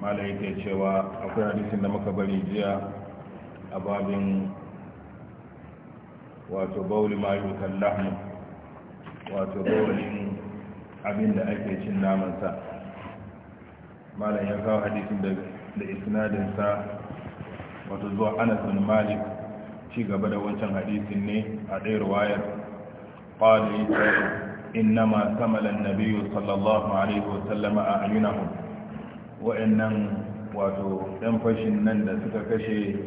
mala ta cewa akwai hadisin da muka bari jiya a babin wato bauli ma yi kallahu wato bauli abin da ake cin namansa mala ya kawo hadisin da isnadinsa wato zuwa anas bin malik ci gaba da wancan hadisin ne a ɗaya ruwayar ƙwada yi tsaye innama samalan nabiyu sallallahu alaihi wasallama a wa'annan wato ɗan fashin nan da suka kashe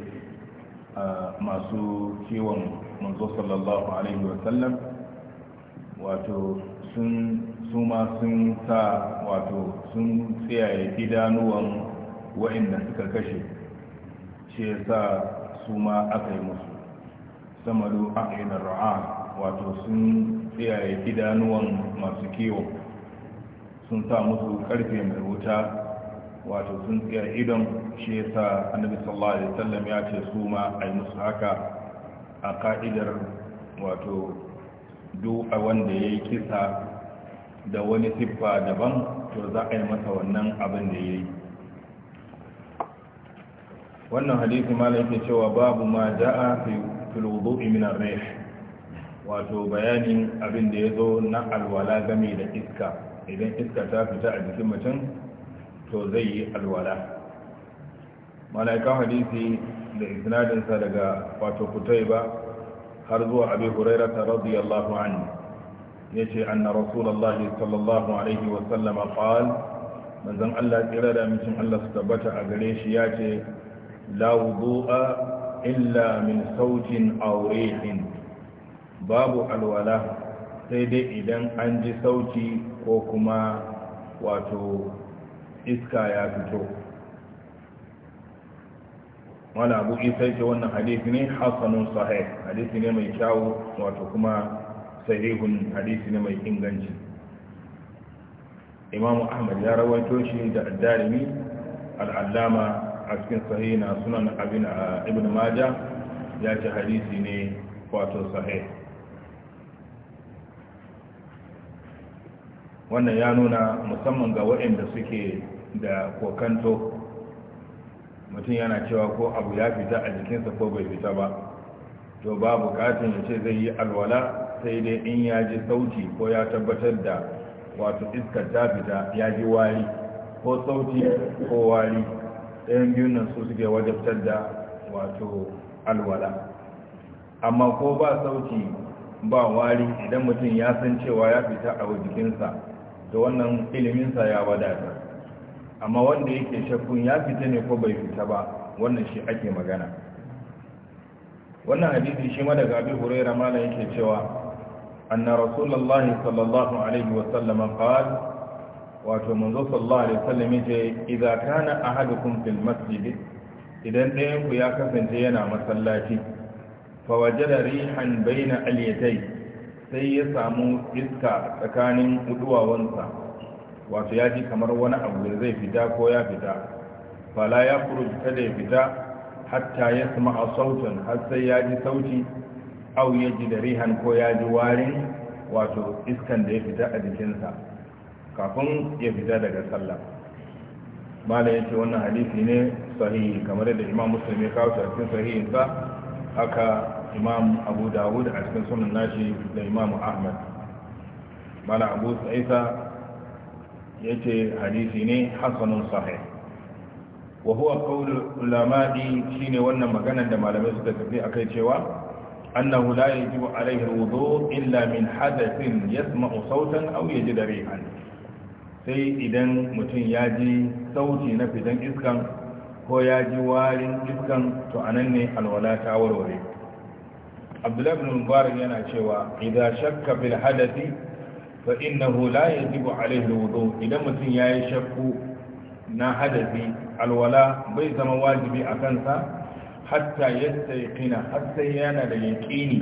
masu kiwon manzo sallallahu alaihi wasallam wato sun su ma sun sa wato sun tsayaye idanuwan wa'inda suka kashe shi ya sa su ma aka yi musu samaru a ainihin ra'a wato sun tsayaye idanuwan masu kiwo sun sa musu karfe mai wuta wato sun tsaya idon shi yasa annabi sallallahu alaihi wasallam ya ce su ma ai musu haka a ka'idar wato duk wanda yayi kisa da wani siffa daban to za a yi masa wannan abin da yayi wannan hadisi malam yake cewa babu ma da'a fi fil wudu'i min wato bayanin abin da zo na alwala game da iska idan iska ta fita a jikin mutum to zai yi alwala mala'ikan hadisi da isnadinsa daga wato kutai ba har zuwa abi hurairata radiyallahu anhu yace anna rasulullahi sallallahu alaihi wa qal manzon Allah tsira da mutum Allah su tabbata a gare shi yace la wudu'a illa min sautin aw rihin babu alwala sai dai idan an ji sauti ko kuma wato iska ya fito wani abu isa wannan hadisi ne hasanun sahih hadisi ne mai kyawu wato kuma sahihun hadisi ne mai inganci imamu ahmad ya rawaito shi da addarimi al'allama a cikin sahih na sunan abin a ibn uh, maja ya ce hadisi ne wato sahih wannan ya nuna musamman ga waɗanda suke da kokanto mutum yana cewa ko abu ya fita a jikinsa ko bai fita ba to ba bukatun ya ce zai yi alwala sai dai in ya ji sauti ko ya tabbatar da wato iskar ta fita ya ji wari ko sauti ko wari ɗayan biyun su suke wajabtar da wato alwala amma ko ba sauti ba wari idan mutum ya san cewa ya fita a jikinsa da wannan iliminsa ya wadata amma wanda yake shakkun ya fita ne ko bai fita ba wannan shi ake magana wannan hadisi shi ma daga abi huraira malam yake cewa anna rasulullahi sallallahu alaihi wa sallam qala wato manzo sallallahu alaihi wasallam yace idza kana ahadukum fil masjid idan ɗayan ku ya kasance yana masallaci fa wajada rihan baina aliyatay sai ya samu iska tsakanin uduwawansa wato ya ji kamar wani abu da zai fita ko ya fita fala ya kuruj da ya fita hatta ya sama a sautin har sai ya ji sauti au ya ji da rihan ko ya ji warin wato iskan da ya fita a jikinsa kafin ya fita daga sallah malam ya ce wannan hadisi ne sahihi kamar da imam musulmi ya kawo cikin sahihinsa haka imam abu dawud a cikin sunan nashi da imam ahmad mala abu sa'isa yace hadisi ne hasanun sahih wa huwa qawlu ulama'i shine wannan maganar da malamai suka tafi akai cewa annahu la yajibu alayhi alwudu illa min hadathin yasma'u sautan aw yajidu rihan sai idan mutum ya ji sauti na fitan iskan ko ya ji warin iskan to anan ne alwala ta warware abdullahi ibn mubarak yana cewa idan shakka fil hadathi fa innahu la yajibu alaihi alwudu idan mutum yayi shakku na hadasi alwala bai zama wajibi a kansa hatta yastayqina har sai yana da yaqini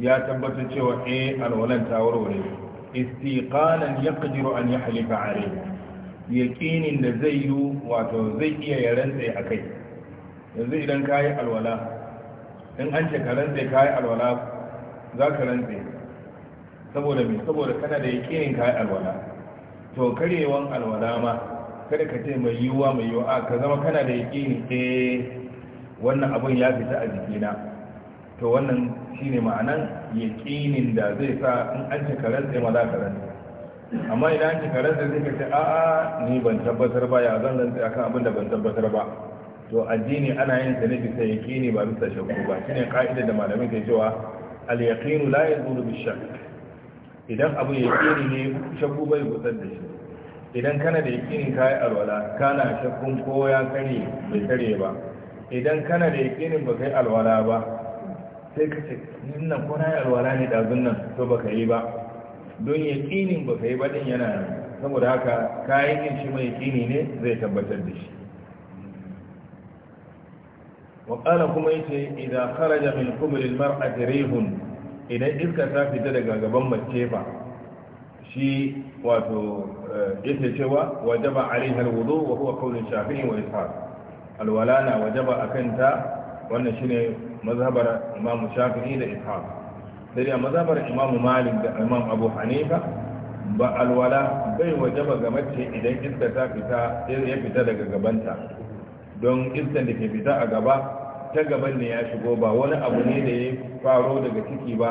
ya tabbata cewa eh alwalan ta warware istiqalan yaqdiru an yahlifa alaihi yaqinin da zai yi wato zai iya ya rantsa akai. yanzu idan kayi alwala in an ce ka rantsa kayi alwala za ka rantsa saboda me saboda kana da yakinin ka alwala to karewan alwala ma kada ka ce mai yiwuwa mai yiwuwa a ka zama kana da yakinin eh wannan abun ya fita a jikina to wannan shine ma'anan yakinin da zai sa in an ci karan sai ma za ka amma idan an ci karan sai sai ka ce a'a ni ban tabbatar ba ya zan rantsa akan abin da ban tabbatar ba to addini ana yin sa ne bisa yakini ba bisa shakku ba shine ka'idar da malamin ke cewa al-yaqinu la yazulu bi shakk idan abu ya kiri ne shakku bai gusar da shi idan kana da yakinin kayi alwala kana shakkun ko ya kare bai kare ba idan kana da yakini ba kai alwala ba sai ka ce nan ko na yi alwala ne dazun nan to ba ka yi ba don yakini ba ka yi ba din yana nan saboda haka kayan yin shi mai yakini ne zai tabbatar da shi وقال كما يتي إذا خرج من قبل المرأة ريح idan iska ta fita daga gaban mace ba shi wato eh, yake cewa wajaba alaihal wudu wa huwa qawlun shafi'i wa ishaq alwala na wajaba a kanta, wannan shine mazhabar imamu shafi'i da ishaq sai mazhabar imamu malik da imam abu hanifa ba alwala bai wajaba ga mace idan iska ta fita ya fita daga gabanta don iskan da ke fita a gaba ta gaban ne ya shigo ba wani abu ne da ya faro daga ciki ba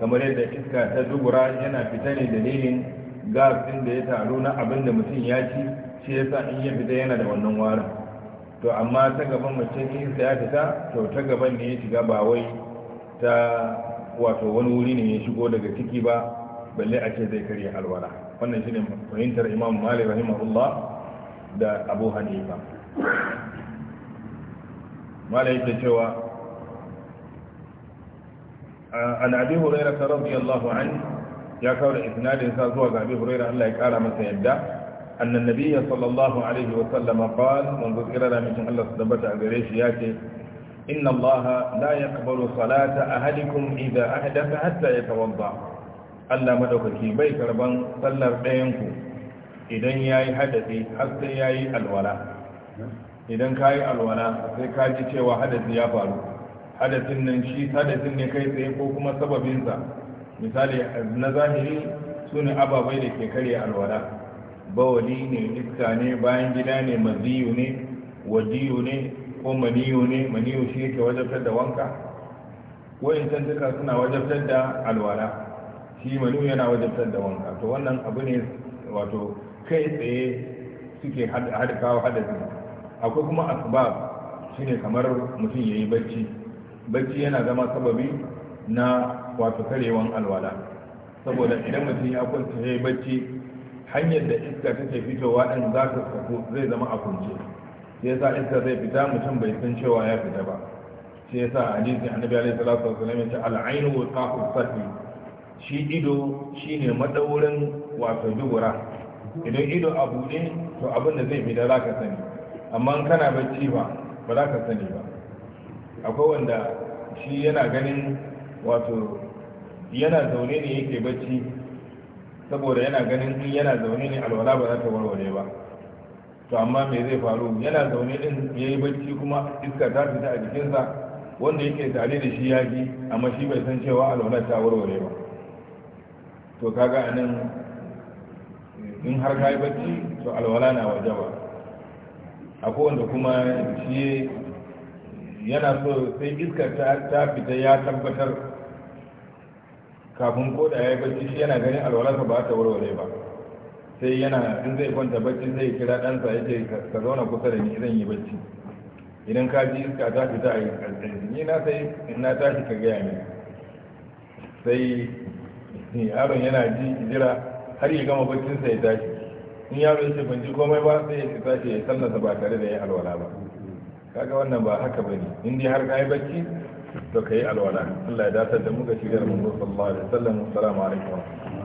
kamar yadda iska ta dubura yana fita ne dalilin gas din da ya taru na abin da mutum ya ci shi yasa in ya fita yana da wannan warin to amma ta gaban mace iska ya fita to ta gaban ne ya shiga ba wai ta wato wani wuri ne ya shigo daga ciki ba balle a ce zai karya alwala wannan shine fahimtar imam malik rahimahullah da abu hanifa malayin yake cewa an abi hurairah radiyallahu anhu ya kawo da isnadin sa zuwa ga Abi Allah ya kara masa yadda annan nabiyya sallallahu alaihi wa sallama qala man zikira da mutum Allah tabbata a gare shi yace inna Allah la yaqbalu salata ahadikum idha ahdatha hatta yatawadda Allah madaukaki bai karban sallar ɗayan ku idan yayi hadasi har sai yayi alwala idan ka yi alwala sai ka ji cewa hadasi ya faru hadasin nan shi hadasin ne kai tsaye ko kuma sababinsa misali na zahiri su ne ababai da ke karya alwala bawali ne iska ne bayan gida ne maziyu ne wajiyu ne ko maniyu ne maniyu shi yake wajabtar da wanka wayancan duka suna wajabtar da alwala shi maniyu yana wajabtar da wanka to wannan abu ne wato kai tsaye suke kawo hadasin akwai kuma asbab shine kamar mutum yayi bacci bacci yana zama sababi na wato karewan alwala saboda idan mutum ya kwanta yayi bacci hanyar da iska take fitowa ɗin za ta sako zai zama a kunce shi yasa iska zai fita mutum bai san cewa ya fita ba shi yasa hadisi annabi alaihi salatu wasallam ya ce al-ainu wa safi shi ido shine madaurin wato dubura idan ido a ne, to abin da zai fi da za ka sani amma kana bacci ba ba za ka sani ba akwai wanda shi yana ganin wato yana zaune ne yake bacci saboda yana ganin in yana zaune ne alwala ba za ta warware ba to amma me zai faru yana zaune din ya yi bacci kuma iska ta fita a jikinsa wanda yake tare da shi ya ji amma shi bai san cewa alwala ta warware ba to kaga anan in har ka yi bacci to alwala na wajaba akwai wanda kuma shi yana so sai iska ta fita ya tabbatar kafin koda ya yi bacci shi yana ganin alwalarsa ba ta warware ba sai yana in zai kwanta bacci zai kira ɗansa ya ce ka zauna kusa da ni zan yi bacci idan ka ji iska ta fita a yi ni na sai na tashi ka gaya ne sai yaron yana ji jira har ya gama baccinsa ya tashi in yaro ya ce ban ji komai ba sai ya tashi ya sallasa ba tare da ya alwala ba kaga wannan ba haka ba ne in har ka yi bacci to ka yi alwala Allah ya dace da mu ga shigar manzo sallallahu alaihi wasallam assalamu alaikum